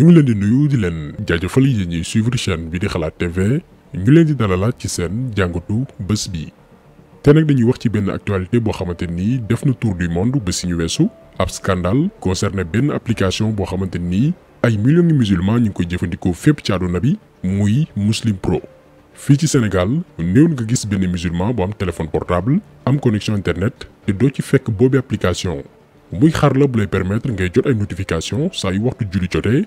ñu ngi leen di nuyu di leen jaajëfal yéen ñuy suivre chaîne bi di xalaat TV ñu leen di dalalaat ci seen jàngatu bés bi. te nag dañuy wax ci benn actualité boo xamante ni def na tour du monde ba si ñu weesu ab scandale concerné benn application boo xamante ni ay millions de musulmans ñu ngi koy jëfandikoo fépp ci àdduna bi muy Muslim Pro. fii ci Sénégal néew nga gis benn musulman bu am téléphone portable am connexion internet te doo ci fekk boobi application muy xar la bu lay permettre ngay jot ay notification saa yu waxtu julli jotee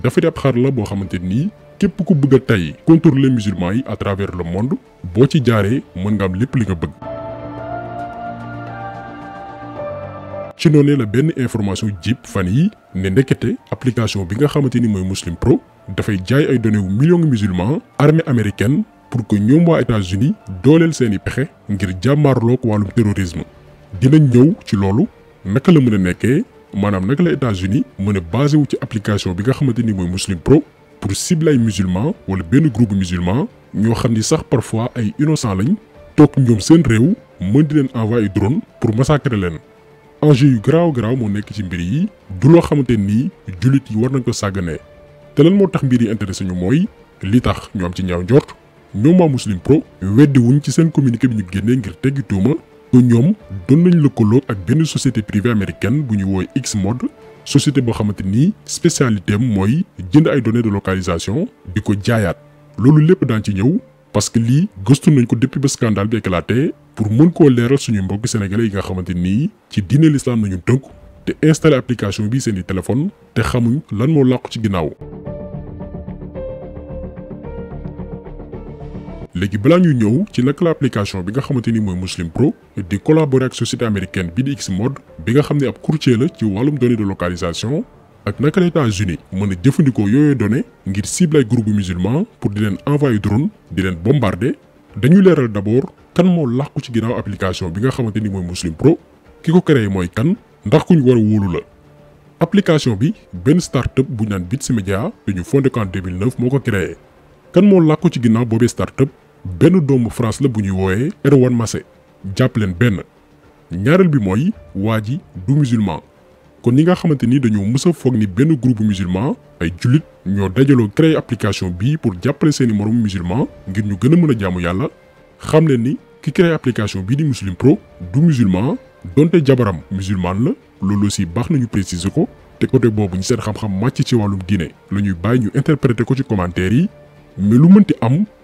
dafa di ab xar la boo xamante nii képp ku bëgg a tey contrôler musulmans yi à travers le monde boo ci jaaree mën nga am lépp li nga bëgg ci noonee la benn information jib fan yi ne ndekete application bi nga xamante ni mooy Muslim Pro dafay jaay ay données wu millions musulmans armée américaine pour que ñoom waa États-Unis dooleel seeni pexe ngir jàmmaarloog wàllum terrorisme dinañ ñëw ci loolu naka la mën a nekkee manam nak la États-Unis mën a basé wu ci application bi nga xamanteni moy Muslim Pro pour cibler ay musulmans wala ben groupe musulman ñoo xamni sax parfois ay innocents lañ tok ñom seen réew mën di leen envoyer drone pour massacrer leen. enjeu yu garaaw garaaw moo nekk ci mbir yi du lo xamanteni julit yi war nañ ko sagane te lan moo tax mbir yi intéressé ñu moy li tax ñom ci ñaaw njort ñoom waa Muslim Pro wéddi wuñ ci seen communiqué bi ñu génnee ngir teggi tuuma que ñoom doon nañ lëkkaloo ak benn société privée américaine bu ñu woowe Xmode société boo xamante ni spécialité am mooy jënd ay données de localisation di ko jaayaat loolu lépp daan ci ñëw parce que lii gëstu nañ ko depuis ba scandale bi éclaté pour mën koo leeral suñu mbokk sénégalais yi nga xamante nii ci diine l'islam nañu tënku te installé application bi seen i téléphone te xamuñ lan moo làqu ci ginnaaw léegi balaa ñu ñëw ci naka la application bi nga xamante ni mooy Muslim Pro di collaborer ak société américaine bi di Xmode bi nga xam ne ab courtier la ci wàllum données de localisation ak naka la États-Unis mën a jëfandikoo yooyu données ngir cibler ay groupe musulman pour di leen envoyer drone di leen bombarder dañuy leeral d'abord kan moo làqu ci ginnaaw application bi nga xamante ni mooy Muslim Pro ki ko créé mooy kan ndax ku ñu war a wóolu la. application bi benn startup bu ñu naan Bits Media dañu fondé en 2009 moo ko créé kan moo làqu ci ginnaaw boobee startup benn doomu France la bu ñuy woowee Erwan Massé jàpp leen benn ñaareel bi mooy waa ji du musulman kon ñi nga xamante ni dañoo mës a foog ni benn groupe musulman ay jullit ñoo dajaloo créer application bii pour jàppale seeni moromu musulman ngir ñu gën a mën a jaamu yàlla xam leen ni ki créer application bii di Muslim Pro du musulman donte jabaram musulman la loolu si baax nañu préciser ko te côté boobu ñu seen xam-xam màcc ci wàllum diine la ñuy bàyyi ñu interpréter ko ci commentaire yi mais lu mënti am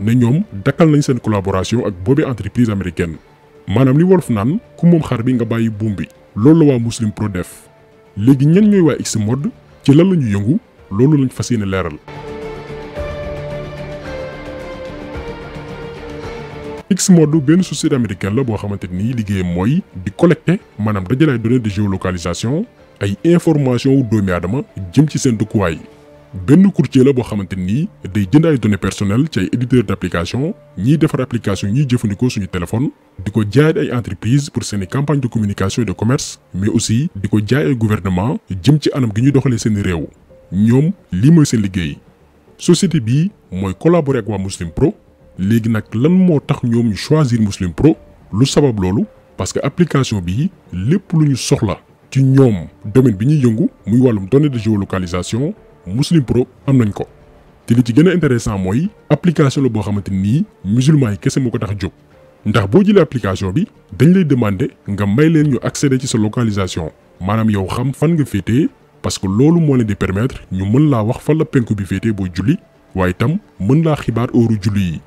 ne ñoom dakkal nañ seen collaboration ak boobee entreprise américaine maanaam li wolof naan ku moom xare bi nga bàyyi buum bi loolu la waa Muslim Pro def léegi ñen ñooy waa Xmode ci lan la ñu yëngu loolu lañ fas yéene leeral. Xmode benn société américaine la boo xamante ni liggéeyam mooy di collecter maanaam dajale ay données de géolocalisation ay information wu doomi aadama jëm ci seen dukkuwaay ben courtier la bo xamanteni day jënd ay données personnelles ci ay éditeurs d'applications ñi ñiy defar application ñiy jëfandikoo suñu téléphone diko ko jaay ay entreprises pour seeni campagne de communication et de commerce mais aussi diko jaay ay gouvernement jëm ci anam gi ñu doxale les réew ñom li moy seen liggéey société bi moy collaborer ak wa Muslim Pro légui nak lan mo tax ñom ñu choisir Muslim Pro lu sabab lolu parce que application bi lepp lu ñu soxla ci ñom domaine bi ñuy yëngu muy walum données de géolocalisation muslim pro am nañ ko te li ci gën a intéressant mooy application la boo xamante nii musulman yi kese moo ko tax jóg ndax boo jëlee application bi dañ lay demander nga may leen ñu accéder ci sa localisation maanaam yow xam fan nga féetee parce que loolu moo leen di permettre ñu mën laa wax fan la penku bi féetee boo julli waaye itam mën laa xibaar heure julli yi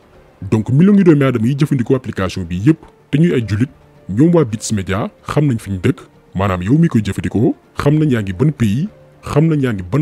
donc millions ngi doomi aadama yi jëfandikoo application bi yëpp te ñuy ay jullit ñoom waa Bits Media xam nañ fi ñu dëkk maanaam yow mi koy jëfandikoo xam nañ yaa ngi ban pays xam nañ yaa ngi ban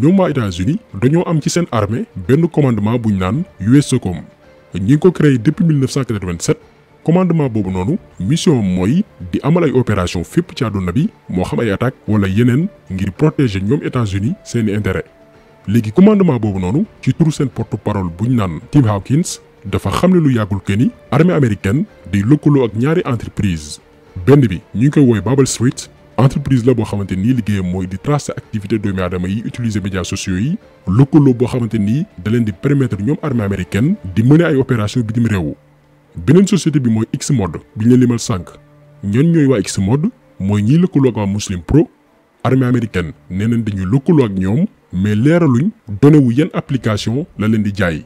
ñoom États-Unis dañoo am ci seen armée benn commandement buñ naan uscom ñi ngi ko créé depuis 1987 commandement boobu noonu mission mooy di amal ay opération fépp ci àdduna bi moo xam ay attaque wala yeneen ngir protéger ñoom États-Unis seeni intérêt léegi commandement boobu noonu ci turu seen porte-parole buñ naan Tim Hawkins dafa xamle lu yàggul que armée américaine di lëkkaloo ak ñaari entreprise benn bi ñu ngi koy Babel Street entreprise la bo xamanteni nii liggéeyam mooy di tracer activité doomi aadama yi utiliser médias sociaux yi lëkkaloo boo xamanteni nii da leen di permettre ñoom armée américaine di mener ay opération dim réew beneen société bi mooy mode bi ñu leen limal sànq ñoon ñooy waa Xmode mooy ñiy lëkkaloo ak waa Muslim Pro armée américaine nee nañ dañuy lëkkaloo ak ñoom mais leeraluñ donné wu yan application la leen di jaay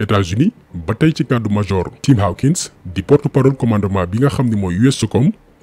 États-Unis ba tey ci cadre major Tim Hawkins di porte-parole commandement bi nga xam ne mooy USSOCOM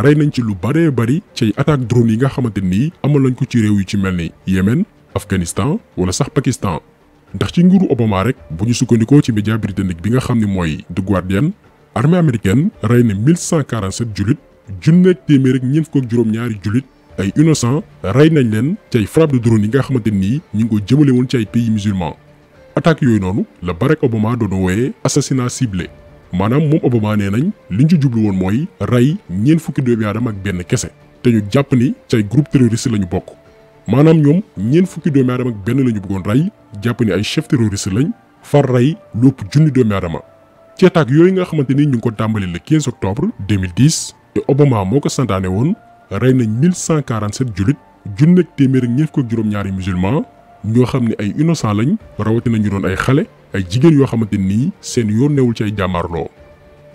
rey nañ ci lu bare bari ci attaque drone yi nga xamanteni ni amal ko ci réew yi ci melni Yemen Yémen Afghanistan wala sax Pakistan. ndax ci nguru Obama rek buñu sukkandiko ci média britannique bi nga xamni moy The Guardian armée américaine rey na 1147 jullit junneeg téeméer ak ñeent fukk ak juróom-ñaari jullit ay innocent rey nañ leen ci ay frappe de drone yi nga xamanteni ni ñu ngi ci ay pays musulmans attaque yoy nonu la Barack Obama doon wooyee assassinat ciblé. maanaam moom Obama nee nañ liñ ci jublu woon mooy rey ñeent fukki doomi aadama ak benn kese te ñu jàpp ni cay groupe terroriste la ñu bokk maanaam ñoom ñeent fukki doomi aadama ak benn la bëggoon rey jàpp ni ay chef terroriste lañ far rey lu ëpp junni doomi aadama ci attaque yooyu nga xamante ni ñu ngi ko tàmbali le 15 octobre 2010 te Obama moo ko santaane woon rey nañ 1147 julit junni ak téeméer ak ñeent fukk ak juróom-ñaari musulman ñoo xam ne ay innocent lañ rawatina ñu ay xale ay jigéen yoo xamante nii seen yoon newul ci ay jàmmaarloo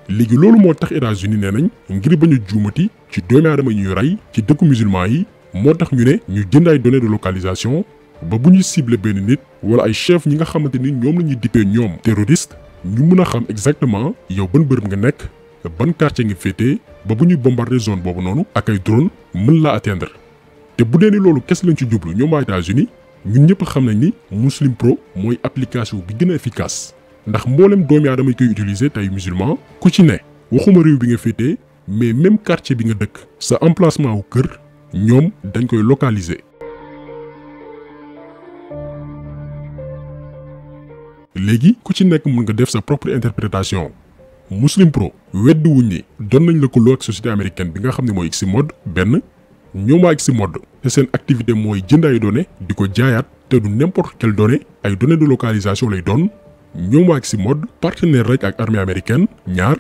léegi loolu moo tax États-Unis nee nañ ngir bañ a juumati ci doomi aadama yi ñuy rey ci dëkku musulman yi moo tax ñu ne ñu jënd ay données de localisation ba bu ñuy ciblé benn nit wala ay chef ñi nga xamante ni ñoom la ñuy dippee ñoom terroriste ñu mën a xam exactement yow ban bërëb nga nekk ban quartier nga féetee ba bu ñuy bombardé zone boobu noonu ak ay drone mën laa atteindre te bu dee ni loolu kes lañ ci jublu ñoom waa États-Unis ñun ñëpp xam nañ ni Muslim Pro mooy application bi gën a efficace ndax mboolem doomi aadama yi koy utiliser tey musulman ku ci ne waxuma réew bi nga fété mais même quartier bi nga dëkk sa emplacement wu kër ñoom dañ koy localiser. léegi ku ci nekk mun nga def sa propre interprétation Muslim Pro weddi wuñ ni doon nañ la lëkkaloo ak société américaine bi nga xam ne mooy mode benn ñoom waa mode te seen activité mooy jënd ay données di ko jaayaat te du n'importe quelle donnée ay données de localisation lay doon ñoom waa mode partenaire rek ak armée américaine ñaar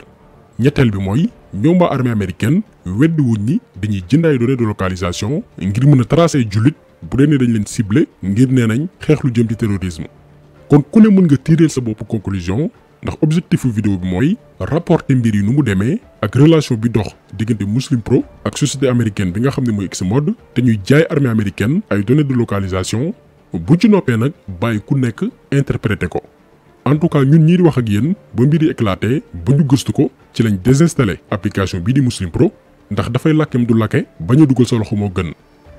ñetteel bi mooy ñoom armée américaine weddi wuñ ni dañuy jënd ay de localisation ngir mën a tracer julit bu dee ne dañ leen ciblé ngir nee nañ xeex lu jëm ci terrorisme kon ku ne mën nga tiireel sa bopp conclusion ndax objectifu vidéo bi mooy rapporter mbir yi nu mu demee ak relation bi dox diggante Muslim Pro ak société américaine bi nga xam ne mooy Exmode te ñuy jaay armée américaine ay données de localisation bu ci noppee nag bàyyi ku nekk interpréter ko en tout cas ñun ñii di wax ak yéen ba mbir yi éclaté ba ñu gëstu ko ci lañ désinstallé application bii di Muslim Pro ndax dafay làkkem du làkke bañ a dugal solo loxo moo gën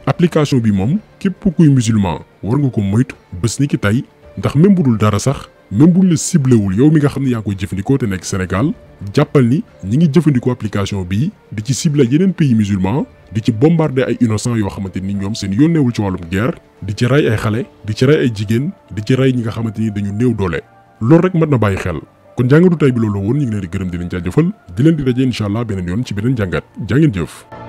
application bi moom képp kuy musulman war nga ko moytu bés ni ki tey ndax même bu dara sax même buñ la ciblé wul yow mi nga xam ne yaa koy jëfandikoo te nekk Sénégal jàppal ni ñi ngi jëfandikoo application bii di ci ciblé yeneen pays musulman di ci bombardé ay innocent yoo xamante ni ñoom seen yónneewul ci wàllum guerre di ci rey ay xale di ci rey ay jigéen di ci rey ñi nga xamante ni dañu néew doole loolu rek mat na bàyyi xel kon jàngatu tay bi loolu woon ñu ngi leen di gërëm di leen jaajëfal di leen di daje incha allah beneen yoon ci beneen jàngat jëf